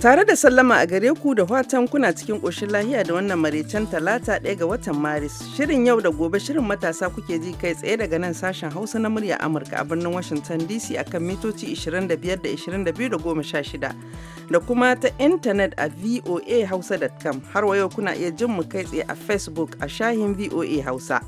Tare da sallama a gare ku da watan kuna cikin ƙoshin lahiya da wannan maraicen talata ɗaya ga watan Maris. Shirin yau da gobe shirin matasa kuke ji kai tsaye daga nan sashen Hausa na murya Amurka a birnin Washington DC akan mitoci 25 da 22 da 16 da kuma ta intanet a voahausa.com har wa kuna iya jin mu kai tsaye a Facebook a shahin VOA Hausa.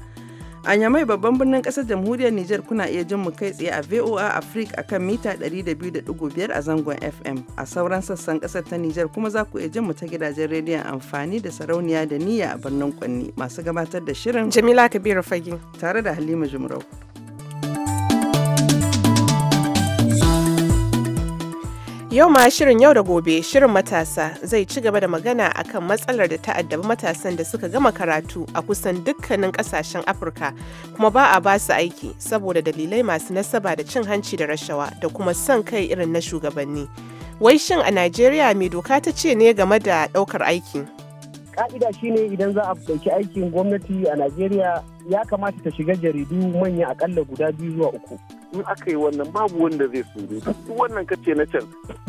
A Yamai babban birnin ƙasar jamhuriyar Nijar kuna iya jin mu kai tsaye a VOA Africa kan mita 200.5 a zangon FM. A sauran sassan ƙasar ta Nijar kuma za ku iya jin mu ta gidajen rediyon amfani da sarauniya da niyya a birnin Kwanni. Masu gabatar da shirin Jamila Kabiru fagi tare da Halima Jumrau. Yau ma shirin yau da gobe shirin matasa zai ci gaba da magana akan matsalar da ta addabi matasan da suka gama karatu a kusan dukkanin kasashen Afirka kuma ba a ba su aiki saboda dalilai masu nasaba da cin hanci da rashawa da kuma son kai irin na shugabanni. Wai shin a Najeriya mai doka ta ce ne game da ɗaukar aiki? Ka'ida shine idan za a ɗauki aikin gwamnati a Najeriya ya kamata ta shiga jaridu manya akalla guda biyu zuwa uku in aka yi wannan babu wanda zai surutu wannan kace na can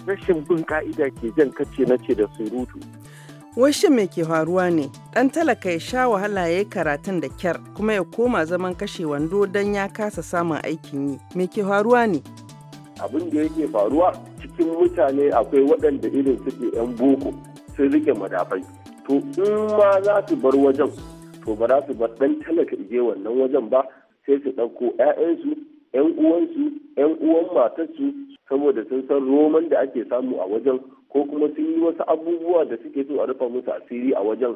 rashin bin ka'ida ke jan kace na ce da surutu shin me ke faruwa ne, ɗan talaka ya sha wahala ya yi karatun da kyar kuma ya koma zaman kashe wando don ya kasa samun aikin yi. Me ke faruwa ne? Abin da yake faruwa cikin mutane akwai waɗanda irin suke 'yan boko sun rike madafai. To in ma za su bar wajen to ba za su bar ɗan talaka ije wannan wajen ba sai su ɗauko 'ya'yansu 'yan uwansu 'yan uwan matarsu saboda sun san roman da ake samu a wajen ko kuma sun yi wasu abubuwa da suke so a rufa musu asiri a wajen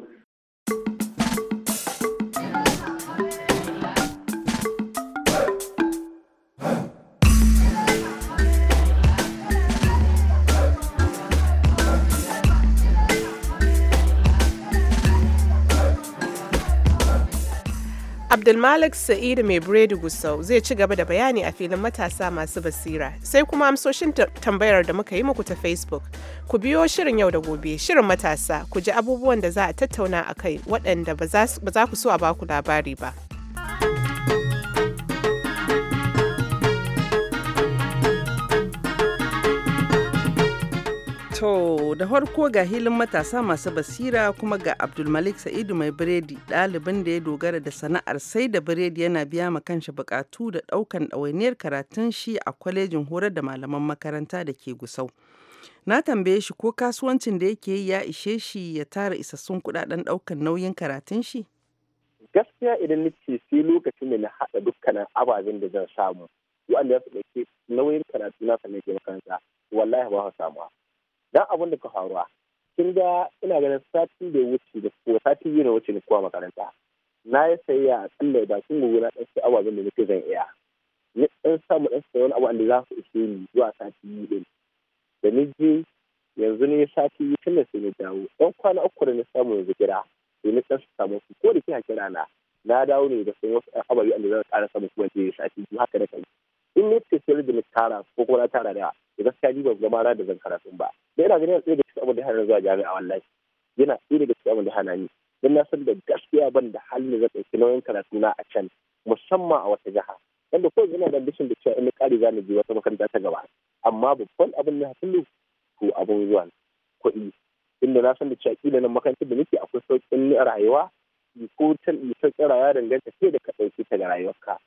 Abdulmalik Sa'idu mai Biredi Gusau zai ci gaba da bayani a filin matasa masu basira sai kuma amsoshin tambayar da muka yi muku ta Facebook. Ku biyo shirin yau da gobe, shirin matasa, ku ji abubuwan da za a tattauna a kai waɗanda ba za ku so a baku labari ba. To, da harko ga hilin matasa masu basira kuma ga Abdulmalik Sa'idu mai biredi ɗalibin da ya dogara da sana'ar sai da biredi yana biya ma kanshi bukatu da ɗaukan ɗawainiyar karatun shi a kwalejin horar da malaman makaranta da ke Gusau. Na tambaye shi ko kasuwancin da yake yi ya ishe shi ya tara isassun kuɗaɗen ɗaukan nauyin karatun shi? Gaskiya idan nake sai lokacin da na haɗa dukkanin ababen da zan samu, Wanda ya fi nauyin karatu na sannan ke makaranta, wallahi ba samu. dan abin da ka faruwa kin ga ina da wuce da sati biyu na wuce da kowa makaranta na yi sayayya a tsalle bakin gugu na ɗan ababen da nake zan iya ni ɗan samu wani abu da za su ishe ni zuwa sati biyu ɗin da ni je yanzu ne sati biyu tun da sai na dawo ɗan kwana uku da na samu yanzu na ɗan samu su ko da kina kira na na dawo ne da sun wasu ɗan ababen da a ƙara samu kuma je sati biyu haka da kai in ne da na tara ko kuma na tara da ya gaskiya ni ban zama na da yana ganin tsaye da cikin abin da hana zuwa jami'a wallahi yana tsaye daga cikin abin da hana ni don na san da gaskiya ban da halin da zan ɗauki nauyin karatu na a can musamman a wata jiha wanda ko yana da bishin da cewa in ƙari za mu je wata makaranta ta gaba amma babban abin na hulu ko abin zuwa kuɗi inda na san da cewa kila nan makarantar da nake akwai sauƙin rayuwa ko in sauƙin rayuwa danganta sai da ka ɗauki ta ga rayuwarka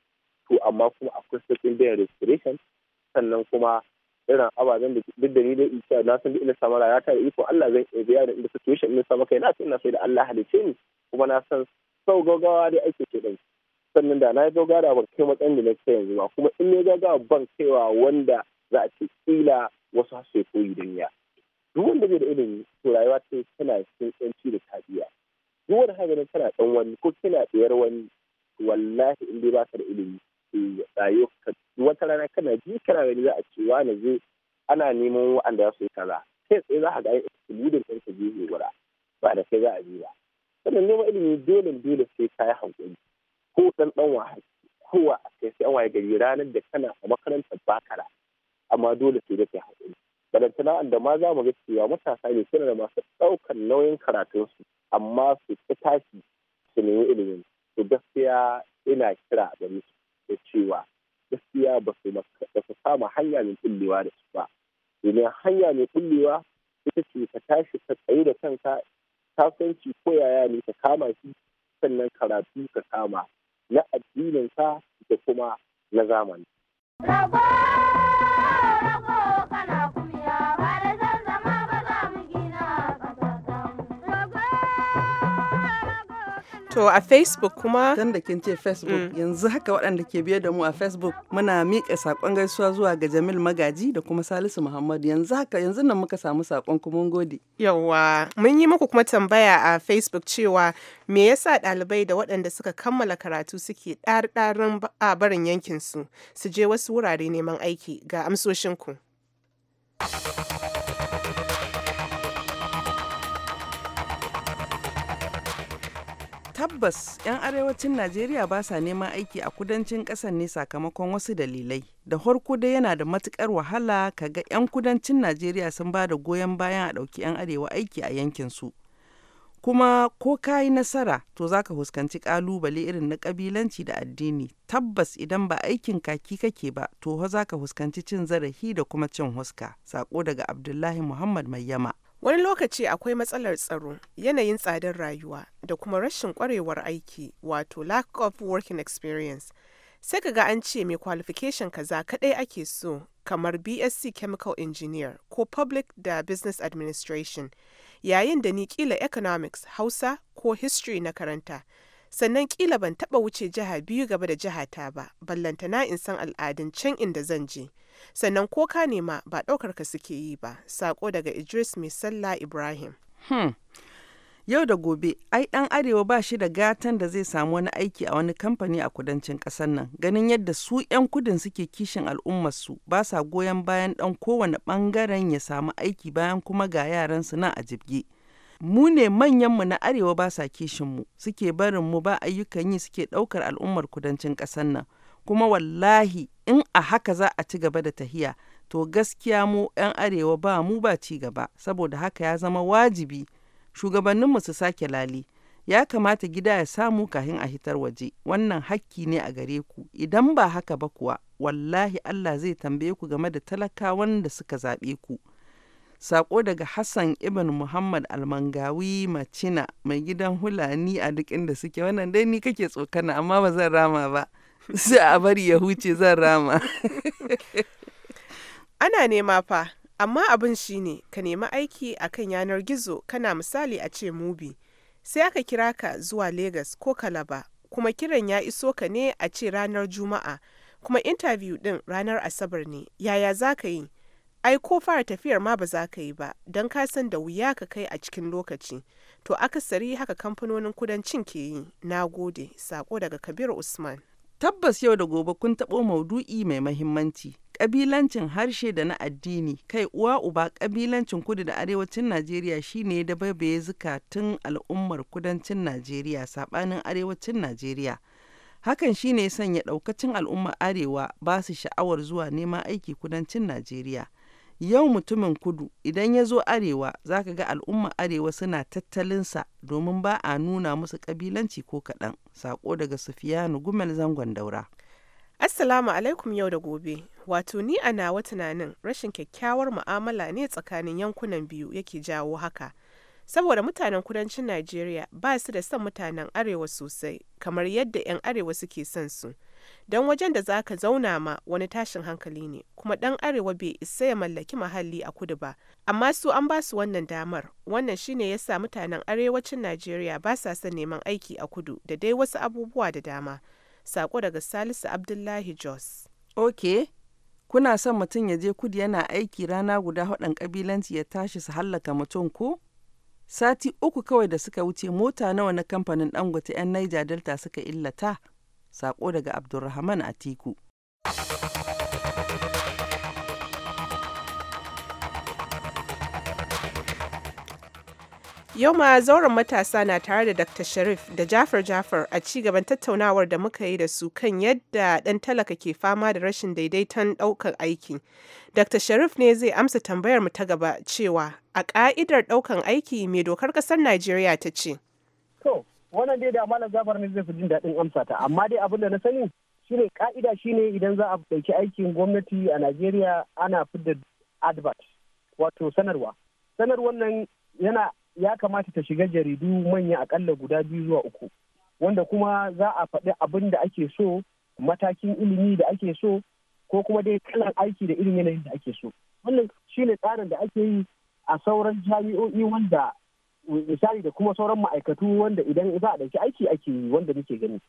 to amma kuma akwai sauƙin biyan registration sannan kuma irin ababen da duk da ni dai in na san duk ina samu rayuwa ta da iko Allah zan iya biya da inda situation ina samu kai na san ina sai da Allah halice ni kuma na san sau gaggawa dai ake ce dan sannan da na yi gaggawa da ban kai matsayin da na kai yanzu ba kuma in ne gaggawa ban kaiwa wanda za a ce kila wasu har sai koyi duniya duk wanda bai da ilimi to rayuwa ta tana cikin tsanci da tabiya duk wani hagarin tana dan wani ko kina tsayar wani wallahi in dai baka da ilimi rayuwa wata rana kana ji kana gani za a ce wani je ana neman wa'anda ya soka za kaza sai tsaye za a ga gudun kan ka gefe guda ba da sai za a je ba sannan neman ilimi dole dole sai ka yi hankali ko ɗan ɗan wa kowa a kai sai an waye gari ranar da kana a makarantar bakara amma dole sai da kai hankali balantana wanda ma za mu ga cewa matasa ne suna da masu ɗaukar nauyin karatunsu amma su ta tashi su nemi ilimin su gaskiya ina kira a gari da cewa gaskiya ba su kama hanya mai kullewa da su ba domin hanya mai kullewa ita ce ka tashi ka tsaye da kanka kasuwanci ko yaya ne ka kama shi sannan karatu ka kama na addininka da kuma na zamani. To a Facebook kuma? Tun da kin ce Facebook mm. yanzu haka waɗanda ke biye da mu a Facebook muna miƙa saƙon gaisuwa zuwa ga Jamil Magaji da kuma Salisu Muhammad yanzu haka yanzu nan muka samu saƙon kuma gode. Yawwa mun yi muku kuma tambaya a Facebook cewa me yasa ɗalibai da waɗanda suka kammala karatu suke ɗarin a barin yankinsu su je wasu wurare neman aiki ga amsoshinku. tabbas 'yan arewacin najeriya ba sa neman aiki a kudancin kasar ne sakamakon wasu dalilai da harko dai yana da matukar wahala kaga 'yan kudancin najeriya sun ba da goyon bayan a ɗauki 'yan arewa aiki a yankin su kuma ko ka yi nasara to za ka fuskanci kalubale irin na kabilanci da addini tabbas idan ba aikin kaki kake ba to za ka fuskanci cin zarafi da kuma cin huska sako daga abdullahi muhammad mayyama Wani lokaci akwai matsalar tsaro, yanayin tsadar rayuwa, da kuma rashin ƙwarewar aiki wato lack of working experience. Sai ka ga an ce mai qualification kaza kaɗai ake so kamar BSc Chemical Engineer ko Public da Business Administration, yayin da ni kila Economics, Hausa ko History na karanta. Sannan kila ban taɓa wuce jiha biyu gaba da jihata ba, na in san al'adun can inda zan je. sannan ko ka nema ba ɗaukar ka suke yi ba sako daga idris mai sallah ibrahim hmm. yau da gobe ai dan arewa ba shi da gatan da zai samu wani aiki a wani kamfani a kudancin ƙasar nan ganin yadda su 'yan kudin suke kishin al'ummarsu ba sa goyon bayan dan kowane bangaren ya samu aiki bayan kuma ga yaransu nan a jibge mu ne manyan mu na arewa ba sa mu suke barin mu ba ayyukan yi suke ɗaukar al'ummar kudancin ƙasar nan kuma wallahi in a haka za a ci gaba da tahiya to gaskiya mu 'yan arewa ba mu ba ci gaba saboda haka ya zama wajibi shugabanninmu su sake lali ya kamata gida ya samu kahin a hitar waje wannan hakki ne a gare ku idan ba haka ba kuwa wallahi Allah zai tambaye ku game da talakawan da suka zaɓe ku Sako daga Hassan Ibn Muhammad Almangawi Macina mai gidan Hulani a duk inda suke wannan dai ni kake tsokana amma ba zan rama ba. sai a bari ya huce zan rama ana nema fa amma abin shine ka nemi aiki a kan yanar gizo kana misali a ce mubi sai aka kira ka zuwa Legas ko Kalaba kuma kiran ya iso ka ne a ce ranar Juma'a kuma interview ɗin ranar Asabar ne yaya za ka yi ai ko fara tafiyar ma ba za ka yi ba don ka san da wuya ka kai a cikin lokaci to akasari haka kamfanonin kudancin ke yi na gode sako daga Kabiru Usman Tabbas yau da gobe kun taɓo maudu'i mai mahimmanci. Ƙabilancin harshe da na addini, kai uwa uba ƙabilancin kudu da arewacin Najeriya shine ya dabaibaye zukatun al'ummar kudancin Najeriya saɓanin arewacin Najeriya. Hakan shine ya sanya ɗaukacin al'ummar arewa ba su sha'awar zuwa neman aiki kudancin Najeriya. Yau mutumin kudu idan ya zo arewa za ka ga al'umma arewa suna tattalinsa domin ba a nuna musu kabilanci ko kaɗan. Sako daga Sufiyanu Gumel zangon daura. Assalamu alaikum yau da gobe. Wato ni a nawa tunanin rashin kyakkyawar mu'amala ne tsakanin yankunan biyu yake jawo haka. Saboda mutanen kudancin Najeriya ba su da son mutanen arewa sosai kamar yadda 'yan arewa suke son su. don wajen da za ka zauna ma wani tashin hankali ne kuma ɗan arewa bai isa ya mallaki muhalli a kudu ba amma su an ba su wannan damar wannan shine ya sa mutanen arewacin najeriya ba sa son neman aiki a kudu da dai wasu abubuwa da dama sako daga salisu abdullahi jos ok kuna son mutum ya je kudu yana aiki rana guda haɗin kabilanci ya tashi su hallaka mutum ko sati uku kawai da suka wuce mota nawa na kamfanin dangote 'yan niger delta suka illata Sako daga Abdulrahman Atiku. Yau ma zauren matasa na tare da Dr. Sharif da Jafar Jafar a ci gaban tattaunawar da muka yi da su kan yadda ɗan talaka ke fama da rashin daidaiton ɗaukar aiki. Dr. Sharif ne zai amsa tambayar mu ta gaba cewa a ƙa'idar ɗaukar aiki mai dokar ƙasar Najeriya ta ce. wannan dai da malam Jafar ne zai fi jin daɗin amsa ta amma dai abin da na sani shine ka'ida shine idan za a ɗauki aikin gwamnati a Najeriya ana fidda advert wato sanarwa sanarwar nan yana ya kamata ta shiga jaridu manya akalla guda biyu zuwa uku wanda kuma za a faɗi abin da ake so matakin ilimi da ake so ko kuma dai kalan aiki da irin yanayin da ake so wannan shine tsarin da ake yi a sauran jami'o'i wanda misali da kuma sauran ma'aikatu wanda idan za a ɗauki aiki ake yi wanda muke gani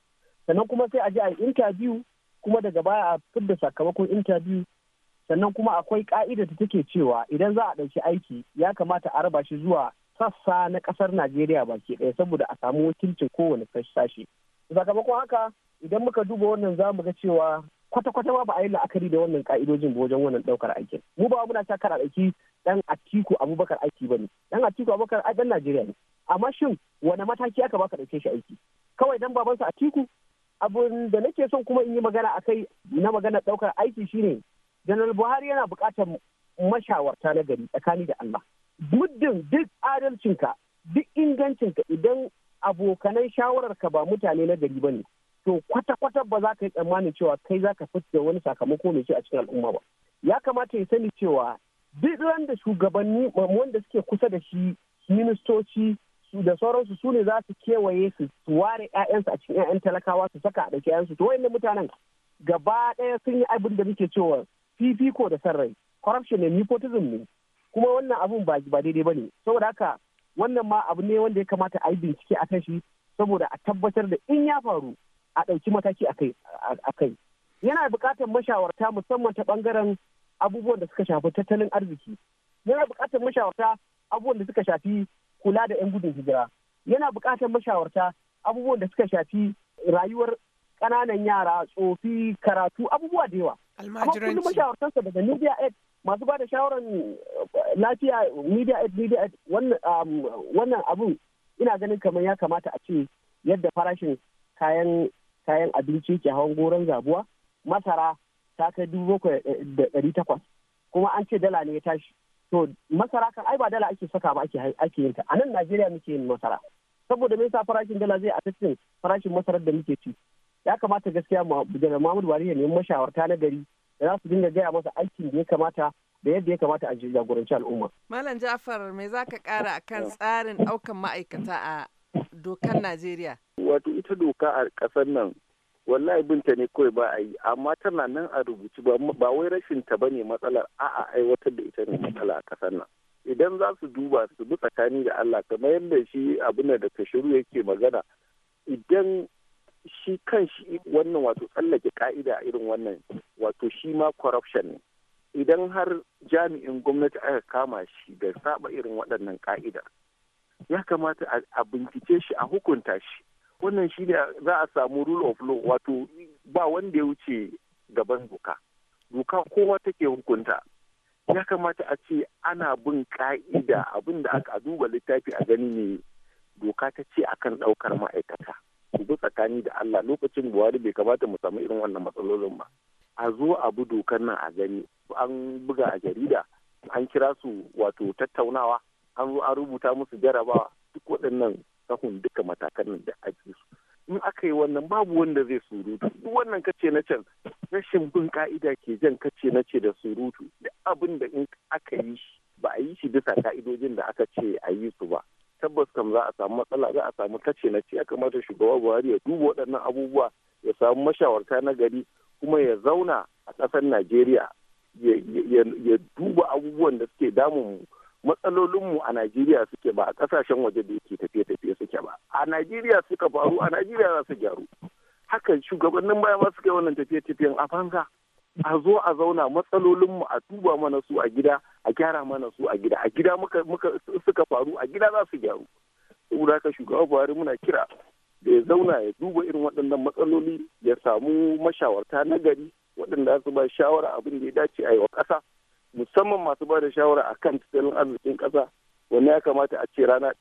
sannan kuma sai a je a yi interview kuma daga baya a da sakamakon interview sannan kuma akwai ka'ida da take cewa idan za a ɗauki aiki ya kamata a raba shi zuwa sassa na ƙasar najeriya baki ɗaya saboda a samu wakilcin kowane sashe sakamakon haka idan muka duba wannan za mu ga cewa kwata-kwata ba a yi la'akari da wannan ka'idojin wajen wannan ɗaukar aikin mu ba muna sa kar a ɗauki dan Atiku Abubakar aiki bane dan Atiku Abubakar dan Najeriya ne amma shin wani mataki aka baka dauke shi aiki kawai dan babansa Atiku abun da nake son kuma in yi magana akai na magana daukar aiki shine Janar Buhari yana buƙatar mashawarta na gari tsakani da Allah muddin duk ka. duk ingancin ka. idan abokanan ka ba mutane na gari bane to kwata-kwata ba za ka yi tsammanin cewa kai za ka fitar wani sakamako mai ce a cikin al'umma ba ya kamata ya sani cewa duk wanda da shugabanni wanda suke kusa da shi ministoci da sauransu su ne za su kewaye su su ware 'ya'yansu a cikin 'ya'yan talakawa su saka a ɗauki 'ya'yansu to wayannan mutanen gaba ɗaya sun yi abin da muke cewa fifiko da sarrai corruption ne nepotism ne kuma wannan abun ba ba daidai ne saboda haka wannan ma abu ne wanda ya kamata a yi bincike a kan shi saboda a tabbatar da in ya faru a ɗauki mataki a kai yana buƙatar mashawarta musamman ta ɓangaren abubuwan da suka shafi tattalin arziki yana buƙatar mashawarta abubuwan da suka shafi kula da 'yan gudun hijira yana buƙatar mashawarta abubuwan da suka shafi rayuwar ƙananan yara tsofi karatu abubuwa da yawa kuma kullum daga media aid masu ba da shawarar eh, lafiya media aid media aid um, wannan abun ina ganin kamar ya kamata a ce yadda farashin kayan kayan abinci ke hawan goron zabuwa masara ta kai dubu bakwai eh, eh, da ɗari takwas kuma an ce dala ne ya tashi to masara kan ai ba dala ake saka ba ake yin ta a nan najeriya muke yin masara saboda me yasa farashin dala zai a affecting farashin masarar da muke ci ya kamata gaskiya janar mahmud Wari ya nemi mashawarta na gari da za su dinga gaya masa aikin da ya kamata da yadda ya kamata a jagoranci al'umma. Malam Jafar me za ka kara akan tsarin daukan ma'aikata a dokar Najeriya? Wato ita doka a ƙasar nan wallahi binta ne kawai ba a yi amma tana nan a rubuci ba wai rashin ta bane matsalar a'a aiwatar da ita ne matsala a kasar nan idan za su duba su bi tsakani da Allah kamar yadda shi abin da shiru yake magana idan shi kan shi wannan wato tsallake ka'ida a irin wannan wato shi ma corruption ne idan har jami'in gwamnati aka kama shi da saba irin waɗannan ka'idar ya kamata a bincike shi a hukunta shi wannan shi ne za a samu rule of law wato ba wanda ya wuce gaban doka doka kowa take hukunta ya kamata a ce ana bin ka'ida abin da aka duba littafi a gani ne doka ta ce akan ɗaukar ma'aikata bi tsakani da Allah lokacin Buhari bai kamata mu samu irin wannan matsalolin ba a zo a bi dokar nan a gani an buga a jarida an kira su wato tattaunawa an zo an rubuta musu jarabawa duk waɗannan sahun duka matakan nan da ake su in aka yi wannan babu wanda zai surutu duk wannan kace na can rashin bin ka'ida ke jan kace na ce da surutu duk abin da in aka yi shi ba a yi shi bisa ka'idojin da aka ce a yi su ba tabbas kam za a samu matsala za a samu kace na ce ya kamata shugaba buhari ya duba waɗannan abubuwa ya samu mashawarta na gari kuma ya zauna a ƙasar najeriya ya duba abubuwan da suke damun mu matsalolinmu a Najeriya suke ba a kasashen waje da yake tafiye-tafiye suke ba. A Najeriya suka faru a Najeriya za su gyaru. hakan shugabannin baya ba suka yi wannan tafiye-tafiyen a banza. A zo a zauna matsalolinmu a duba mana su a gida a gyara mana su a gida a gida muka suka faru a gida za su gyaru. Saboda haka shugaba Buhari muna kira da ya zauna ya duba irin waɗannan matsaloli ya samu mashawarta na gari waɗanda su ba shawara abin da ya dace a yi wa ƙasa. musamman masu ba da shawara a kan tattalin arzikin ƙasa wanne ya kamata a ce ranar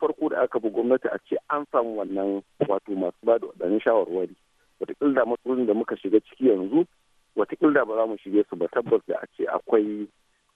farko da aka bi gwamnati a ce an samu wannan wato masu ba da waɗannan shawarwari wataƙila matsalolin da muka shiga ciki yanzu wataƙila ba za mu shige su ba tabbas da a ce akwai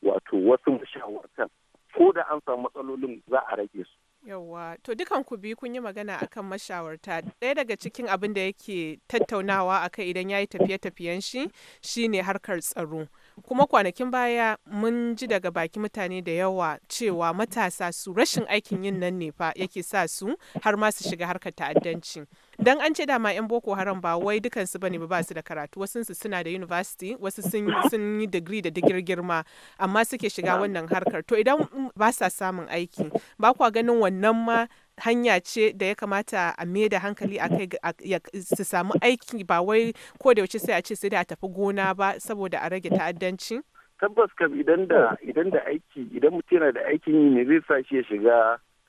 wato wasu mashawartan ko da an samu matsalolin za a rage su yawwa to dukan ku biyu kun yi magana akan mashawarta ɗaya daga cikin abin da yake tattaunawa akai idan ya yi tafiye-tafiyen shi shine harkar tsaro kuma kwanakin baya mun ji daga baki mutane da yawa cewa matasa su rashin aikin yin nan ne fa yake sa su har ma su shiga harkar ta'addanci dan an ce dama yan boko haram ba wai dukansu bane ba ba su da karatu wasu su suna da university wasu sun yi digiri da digir girma amma suke shiga wannan harkar to idan ba sa samun aiki ba kwa ganin wannan ma hanya ce da ya kamata a me da hankali a kai su samu aiki ba wai ko da wace sai a ce sai da a tafi gona ba saboda a rage ta'addanci? Tabbas kam idan da idan da aiki idan mutum yana da aikin yi ne zai sa shi ya shiga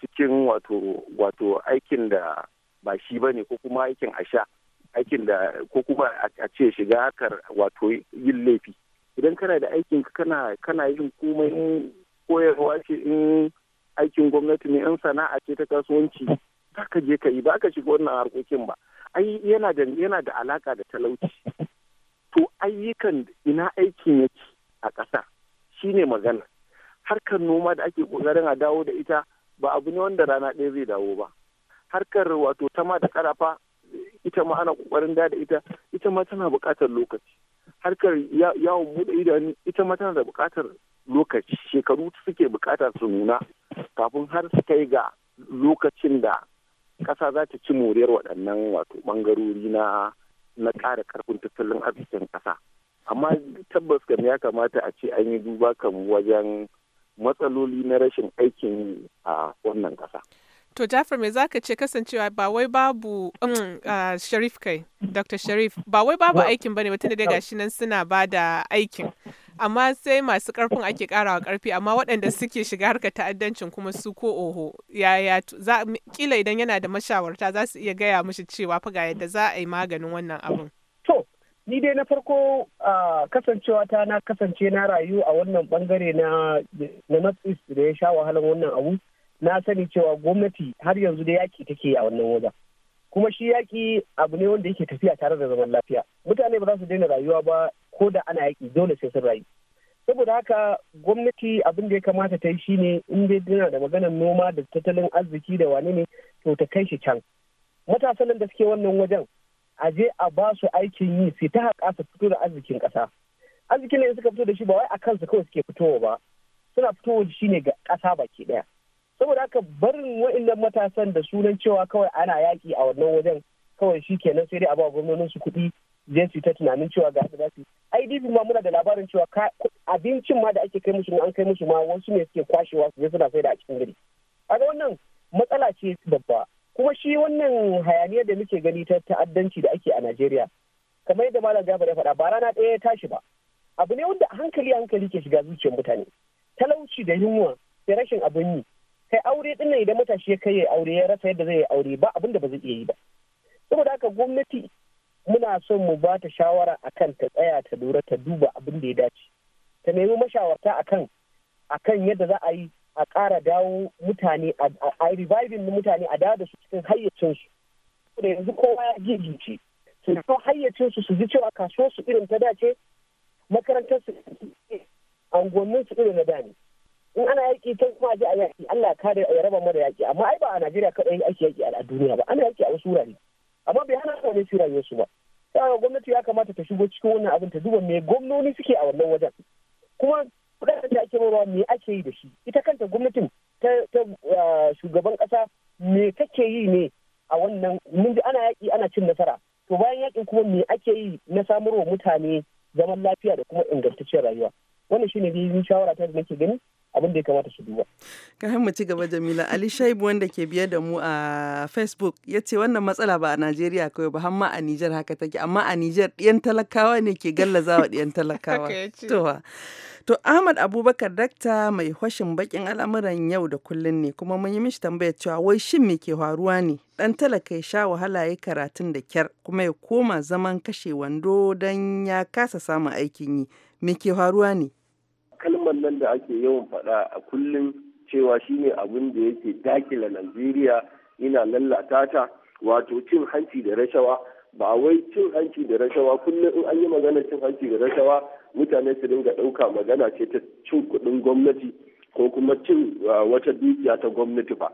cikin wato wato aikin da ba shi ba ne ko kuma aikin a sha aikin da ko kuma a ce shiga hakar wato yin laifi idan kana da aikin kana kana yin komai koyarwa ce in aikin gwamnati ne in sana'a ce ta kasuwanci za ka je ka yi ba ka shiga wannan harkokin ba ai yana da yana da alaka da talauci to ayyukan ina aikin yake a ƙasa shine magana harkar noma da ake kokarin a dawo da ita ba abu ne wanda rana ɗaya zai dawo ba harkar wato tama da karafa ita ma ana kokarin da ita ita ma tana buƙatar lokaci harkar yawon buɗe idanu ita ma tana da buƙatar lokaci shekaru suke bukata su nuna kafin har su kai ga lokacin da ƙasa za ta ci moriyar waɗannan wato ɓangarori na na ƙara ƙarfin tattalin arzikin ƙasa amma tabbas kam ya kamata a ce an yi duba kan wajen matsaloli na rashin aikin a wannan ƙasa. To Jafar me za ka ce kasancewa ba wai babu um, Sharif kai, Dr. Sharif, ba wai babu aikin bane mutum da gashi nan suna ba da aikin. amma sai masu karfin ake karawa karfi amma waɗanda suke shiga harkar ta'addancin kuma su ko oho yaya za kila idan yana da mashawarta za su iya gaya mishi cewa fa ga yadda za a yi maganin wannan abin to ni dai na farko kasancewa ta na kasance na rayu a wannan bangare na na matsis da ya sha wahalan wannan abu na sani cewa gwamnati har yanzu da yaki take a wannan wajen kuma shi yaki abu ne wanda yake tafiya tare da zaman lafiya mutane ba za su daina rayuwa ba ko da ana yaki dole sai sun rayu saboda haka gwamnati abin da ya kamata ta yi shine in dai tana da maganar noma da tattalin arziki da wane ne to ta kai shi can matasan da suke wannan wajen a je a ba su aikin yi sai ta haƙa su fito da arzikin ƙasa arzikin ne suka fito da shi ba wai a kansu kawai suke fitowa ba suna fitowa shi ne ga ƙasa baki ɗaya saboda haka barin wa'annan matasan da sunan cewa kawai ana yaƙi a wannan wajen kawai shi kenan sai dai a ba gwamnonin su kuɗi zai su ta tunanin cewa ga za su idp ma muna da labarin cewa abincin ma da ake kai musu an kai musu ma wasu ne suke kwashewa su suna sai da a cikin gari kaga wannan matsala ce babba kuma shi wannan hayaniyar da muke gani ta ta'addanci da ake a najeriya kamar yadda malam jabir ya faɗa ba rana ɗaya ya tashi ba abu ne wanda hankali hankali ke shiga zuciyar mutane talauci da yunwa sai rashin abin yi kai aure dinnan idan matashi ya kai ya aure ya rasa yadda zai yi aure ba abin da ba zai iya yi ba saboda haka gwamnati muna son mu ba ta shawara akan ta tsaya ta lura ta duba abin da ya dace ta nemi mashawarta akan akan yadda za a yi a ƙara dawo mutane a reviving na mutane a dawo da su cikin hayyacinsu da yanzu kowa ya gigice su dawo hayyacinsu su ji cewa kasuwar su irin ta dace makarantar su angonin su irin na da ne in ana yaƙi ta kuma ji a yaƙi Allah kare ya raba mara yaƙi amma ai ba a Najeriya kaɗai ake yaƙi a duniya ba ana yaƙi a wasu wurare amma bai hana ne su su ba Sa'a gwamnati ya kamata ta shigo cikin wannan abin ta duba me gwamnoni suke a wannan wajen. Kuma kuɗaɗen da ake rawa me ake yi da shi. Ita kanta gwamnatin ta ah, shugaban ƙasa me take yi ne a wannan mun ji ana yaki ana cin nasara. To bayan yakin kuma me ake yi na samarwa mutane zaman lafiya da kuma ingantacciyar rayuwa. Wannan shine ne shawara ta da nake gani abin da ya kamata su duba. Ka mu ci gaba Jamila Ali Shaibu wanda ke biye da mu a Facebook ya ce wannan matsala ba a Najeriya kawai ba hamma a Nijar haka take amma a Nijar ɗiyan talakawa ne ke gallazawa ɗiyan talakawa. To Ahmad Abubakar dakta mai hoshin bakin al'amuran yau da kullun ne kuma mun yi mishi tambaya cewa wai shin me ke faruwa ne dan talaka ya sha wahala ya karatun da kyar kuma ya koma zaman kashe wando dan ya kasa samun aikin yi me ke faruwa ne kalmar nan da ake yawan faɗa a kullum cewa shine abin da yake dakila Najeriya ina lallata ta wato cin hanci da rashawa ba wai cin hanci da rashawa kullum in an yi magana cin hanci da rashawa mutane su dinga ɗauka magana ce ta cin kuɗin gwamnati ko kuma cin wata dukiya ta gwamnati ba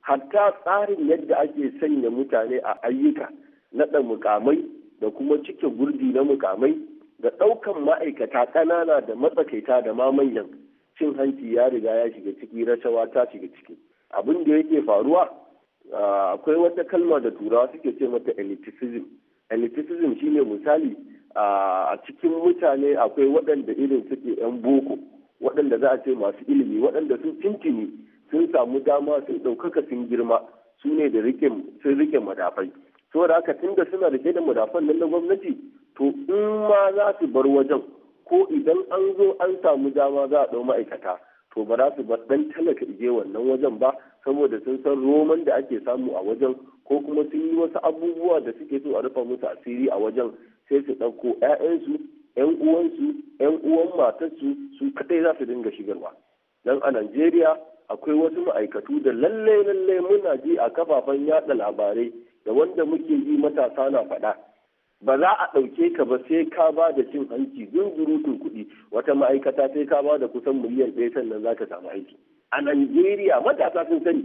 hatta tsarin yadda ake sanya mutane a ayyuka naɗa mukamai da kuma cike gurbi na mukamai Da ɗaukan ma'aikata ƙanana da matsakaita da ma manyan cin hanci ya riga ya shiga ciki rashawa ta shiga ciki abin da yake faruwa akwai wata kalma da turawa suke ce mata elitism elitism shine misali a cikin mutane akwai waɗanda irin suke 'yan boko waɗanda za a ce masu ilimi waɗanda sun cincini sun samu dama sun ɗaukaka sun girma su ne da sun rike madafai saboda haka tun da suna rike da madafan nan na gwamnati to in ma za su bar wajen ko idan an zo an samu dama za a ɗau ma'aikata to ba za su bar dan talaka ije wannan wajen ba saboda sun san roman da ake samu a wajen ko kuma sun yi wasu abubuwa da suke so a rufa musu asiri a wajen sai su ɗauko 'ya'yansu 'yan uwansu 'yan uwan matarsu su kaɗai za su dinga shigarwa dan a najeriya akwai wasu ma'aikatu da lallai lallai muna ji a kafafen yada labarai da wanda muke yi matasa na faɗa ba za a ɗauke ka ba sai ka ba da cin hanci zungurutun kuɗi wata ma'aikata sai ka ba da kusan miliyan ɗaya sannan za ka samu aiki a najeriya matasa sun sani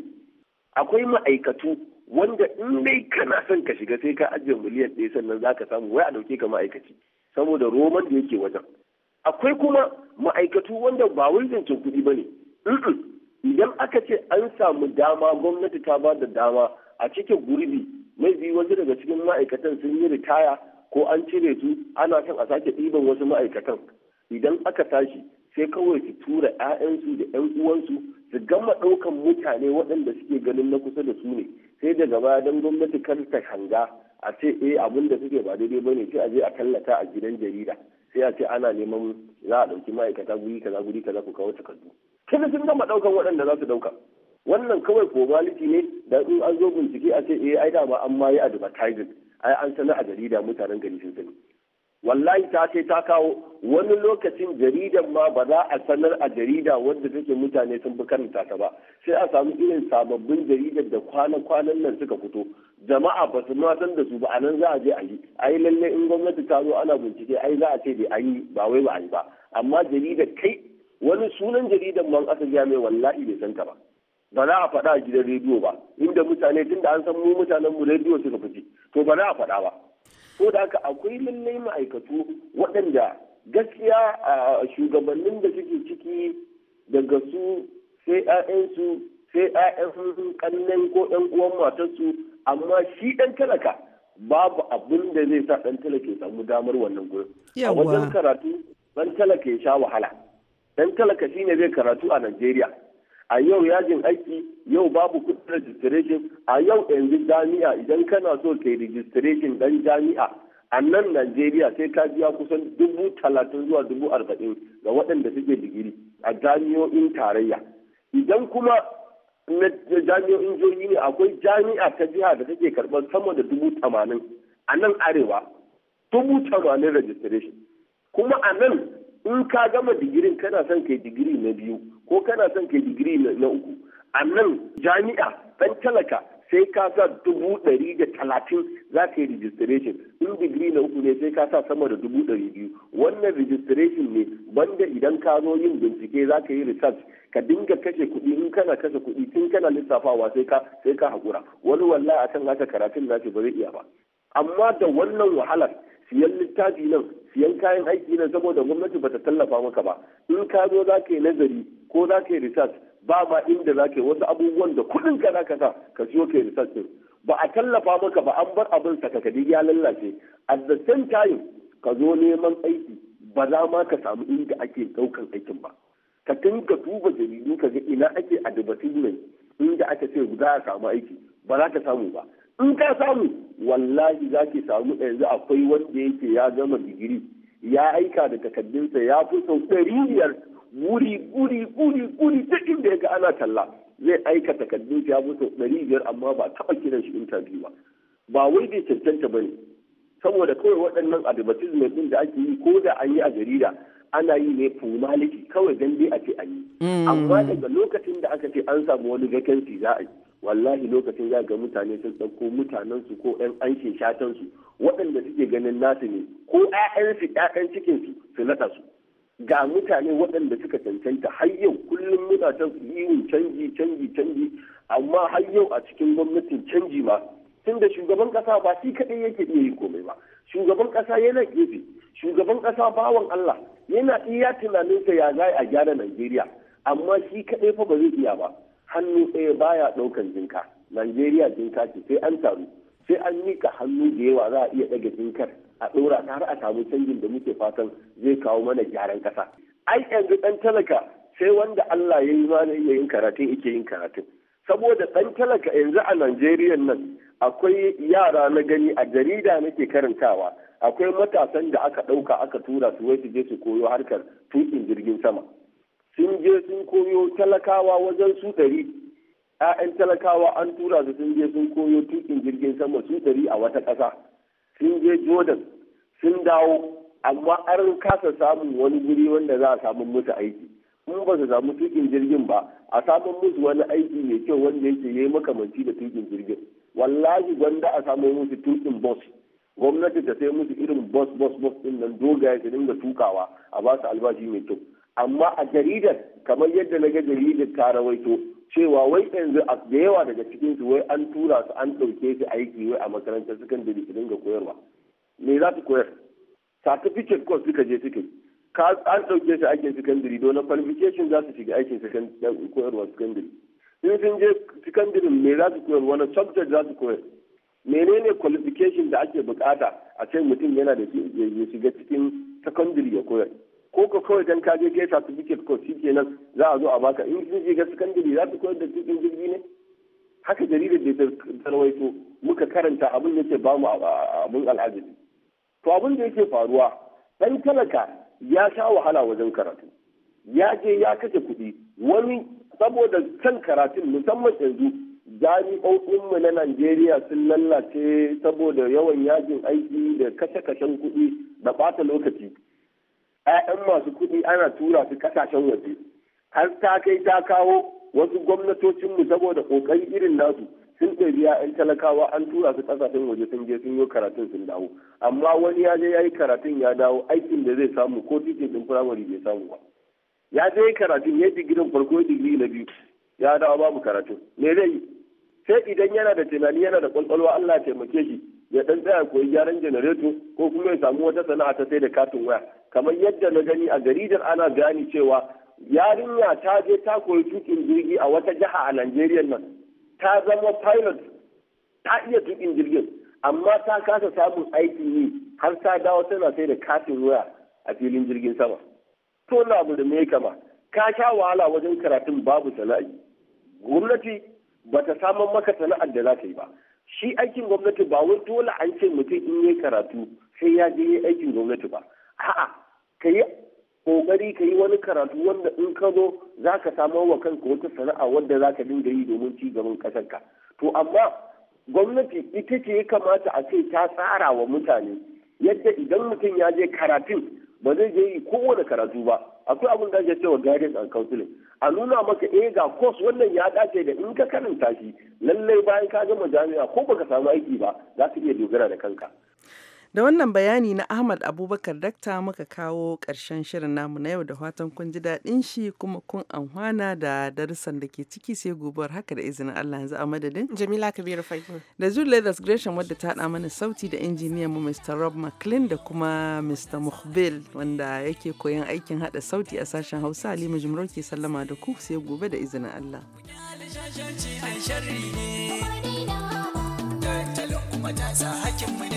akwai ma'aikatu wanda in dai kana son ka shiga sai ka ajiye miliyan ɗaya sannan za ka samu wai a ɗauke ka ma'aikaci saboda roman da yake wajen akwai kuma ma'aikatu wanda ba wai zancen kuɗi ba ne idan aka ce an samu dama gwamnati ta ba da dama a cikin gurbi mai biyu wasu daga cikin ma'aikatan sun yi ritaya ko an cire su ana son a sake ɗiban wasu ma'aikatan idan aka tashi sai kawai su tura 'ya'yansu da 'yan uwansu su gama ɗaukan mutane waɗanda suke ganin na kusa da su ne sai daga baya don gwamnati kar ta hanga a ce eh abin da suke ba daidai bane sai a je a tallata a gidan jarida sai a ce ana neman za a ɗauki ma'aikata guri kaza guri kaza ku kawo takardu sai sun gama ɗaukan waɗanda za su ɗauka wannan kawai formality ne da in an zo bincike a ce eh ai dama an ma yi advertising ai an sanar a jarida mutanen gari sun sani wallahi ta ce ta kawo wani lokacin jaridan ma ba za a sanar a jarida wanda take mutane sun fi karanta ta ba sai a samu irin sababbin jaridar da kwanan-kwanan nan suka fito jama'a ba su ma san da su ba a nan za a je a yi ai lalle in gwamnati ta zo ana bincike ai za a ce dai an yi ba wai ba a yi ba amma jaridar kai wani sunan jaridan man aka gaya mai wallahi bai san ka ba ba za a faɗa a gidan rediyo ba inda mutane tun da an san mu mutanen mu rediyo suka fi to ba za a faɗa ba ko da haka akwai lallai ma'aikatu waɗanda gaskiya a shugabannin da suke ciki daga su sai su sai 'ya'yan kannen ko 'yan uwan matarsu amma shi ɗan talaka babu abin da zai sa ɗan talaka ya samu damar wannan gurin a wajen karatu ɗan talaka ya sha wahala ɗan talaka shine zai karatu a najeriya a yau yajin aiki yau babu kudin registration a yau yanzu jami'a idan kana so kai registration dan jami'a a nan najeriya sai ka biya kusan dubu talatin zuwa dubu arba'in ga waɗanda suke digiri a jami'o'in tarayya idan kuma na jami'o'in jirgi ne akwai jami'a ta jiha da take karɓar sama da dubu tamanin a nan arewa dubu tamanin registration kuma a nan in ka gama digirin kana son kai digiri na biyu ko kana son kai digiri na uku a nan jami'a ɗan talaka sai ka sa dubu ɗari da talatin za ka yi registration in digiri na uku ne sai ka sa sama da dubu ɗari biyu wannan registration ne banda idan ka zo yin bincike za ka yi research ka dinga kashe kuɗi in kana kashe kuɗi tun kana lissafawa sai ka sai ka haƙura wani wallahi kan haka karatun nashi ba zai iya ba amma da wannan wahalar siyan littafi nan siyan kayan aiki nan saboda gwamnati ba ta tallafa maka ba in ka zo za ka yi nazari ko za ka yi research ba ma inda za ka yi wasu abubuwan da kuɗin ka za ka sa ka siyo ka yi research din ba a tallafa maka ba an bar abin ka ya lallace at the same time ka zo neman aiki ba za ma ka samu inda ake ɗaukan aikin ba ka ka duba jaridu ka ga ina ake mai inda aka ce za a samu aiki ba za ka samu ba in ka samu wallahi za ki samu yanzu akwai wanda yake ya gama digiri ya aika da takardunsa ya fi sau ɗari biyar wuri, guri guri guri duk inda ya ga ana talla zai aika takardun ya mutu ɗari biyar amma ba taɓa kiran shi interview ba ba wai bai cancanta ba ne saboda kawai waɗannan mai ɗin da ake yi ko da an yi a jarida ana yi ne formality kawai dan dai a ce an yi hmm. amma daga lokacin da aka ce an samu wani vacancy za a yi wallahi lokacin za ga mutane sun ɗauko mutanen su ko ƴan aikin shatan waɗanda suke ganin nasu ne ko 'ya'yansu yayan ƴaƴan cikinsu su su su ga mutane waɗanda suka cancanta har yau kullum muna ta yiwun canji canji canji amma har yau a cikin gwamnatin canji ma tunda shugaban ƙasa ba shi kaɗai yake iya yin komai ba shugaban ƙasa yana gefe shugaban ƙasa bawan Allah yana iya tunaninsa ya za a gyara Najeriya amma shi kaɗai fa ba zai iya ba hannu ɗaya baya ɗaukan jinka Najeriya jinka ce sai an taru sai an mika hannu da yawa za a iya ɗaga jinkar a ɗora ta har a samu canjin da muke fatan zai kawo mana gyaran ƙasa. Ai yanzu ɗan talaka sai wanda Allah ya yi mana iya yin karatun ike yin karatun. Saboda ɗan talaka yanzu a Najeriya nan akwai yara na gani a jarida nake karantawa akwai matasan da aka ɗauka aka tura su wai su je su koyo harkar tukin jirgin sama. Sun je sun koyo talakawa wajen su ɗari ‘ya'yan talakawa an tura su sun je sun koyo tukin jirgin sama su ɗari a wata ƙasa sun je jordan sun dawo amma an kasa samun wani guri wanda za a samu musu aiki Mun ba su samu tukin jirgin ba a samun musu wani aiki mai kyau wanda yake yi makamanci da tukin jirgin wallahi gwanda a samu musu tukin bus gwamnati ta sai musu irin bus bus bus din nan dogaye su dinga tukawa a ba su albashi mai kyau amma a jaridar kamar yadda na ga jaridar ta rawaito cewa wai yanzu da yawa daga cikin su wai an tura su an ɗauke su aiki wai a makarantar sakandare su dinga koyarwa me za su koyar certificate course suka je suka yi an ɗauke su aikin sakandare don qualification za su shiga aikin koyarwa sakandare in sun je sakandare me za su koyar wani subject za su koyar menene qualification da ake bukata a ce mutum yana da shi ya shiga cikin sakandare ya koyar ko ka kawai dan ka je kai certificate ko shi kenan za a zo a baka in sun je ga sakandare za su koyar da cikin jirgi ne haka jaridar da ta rawaito muka karanta abin da yake ba mu abin al'ajabi to abin da yake faruwa dan talaka ya sha wahala wajen karatu ya je ya kashe kuɗi wani saboda kan karatun musamman yanzu jami'o'inmu na Najeriya sun lallace saboda yawan yajin aiki da kashe-kashen kuɗi da ɓata lokaci 'ya'yan masu kuɗi ana tura su kasashen waje har ta kai ta kawo wasu gwamnatocinmu saboda kokari irin nasu sun ɗari 'ya'yan talakawa an tura su kasashen waje sun je sun yi karatun sun dawo amma wani ya je ya yi karatun ya dawo aikin da zai samu ko titin firamare bai samu ba ya je karatun ya digirin farko digiri na biyu ya dawo babu karatun me zai yi sai idan yana da tunani yana da kwakwalwa Allah ya taimake shi ya dan tsaya koyi gyaran janareto ko kuma ya samu wata sana'a ta sai da katin waya kamar yadda na gani a jaridar ana gani cewa yarinya ta je ta koyi tukin jirgi a wata jiha a Najeriya nan ta zama pilot ta iya tukin jirgin amma ta kasa samun aiki yi har ta dawo tana sai da katin waya a filin jirgin sama to na abu da me kama ka sha wahala wajen karatun babu sana'i gwamnati ba ta samar maka sana'ar da za ta yi ba shi aikin gwamnati ba wai dole an ce mutum in yi karatu sai ya je aikin gwamnati ba a'a ka yi ƙoƙari ka yi wani karatu wanda in ka zo za ka samar wa kanka wata sana'a wanda za ka dinga yi domin ci gaban ƙasarka to amma gwamnati ita ce ya kamata a ce ta tsara wa mutane yadda idan mutum ya je karatun ba zai je yi kowane karatu ba akwai abin da ake cewa guidance and counseling a nuna maka eh ga course wannan ya dace da in ka karanta shi lallai bayan ka gama jami'a ko baka samu aiki ba za ka iya dogara da kanka Da wannan bayani na Ahmad Abubakar Dakta muka kawo ƙarshen shirin namu na yau da fatan kun ji daɗin shi kuma kun anhwana da darussan da ke ciki sai gobar haka da izinin Allah yanzu a madadin. Jamila Kabiru Fahim. Da Julie Gresham wadda ta haɗa mana sauti da injiniyan mu Mr. Rob McLean da kuma Mr. Mukhbil wanda yake koyan aikin haɗa sauti a sashen Hausa Halima Jumro ke sallama da ku sai gobe da izinin Allah. Ta lukuma ta sa hakkin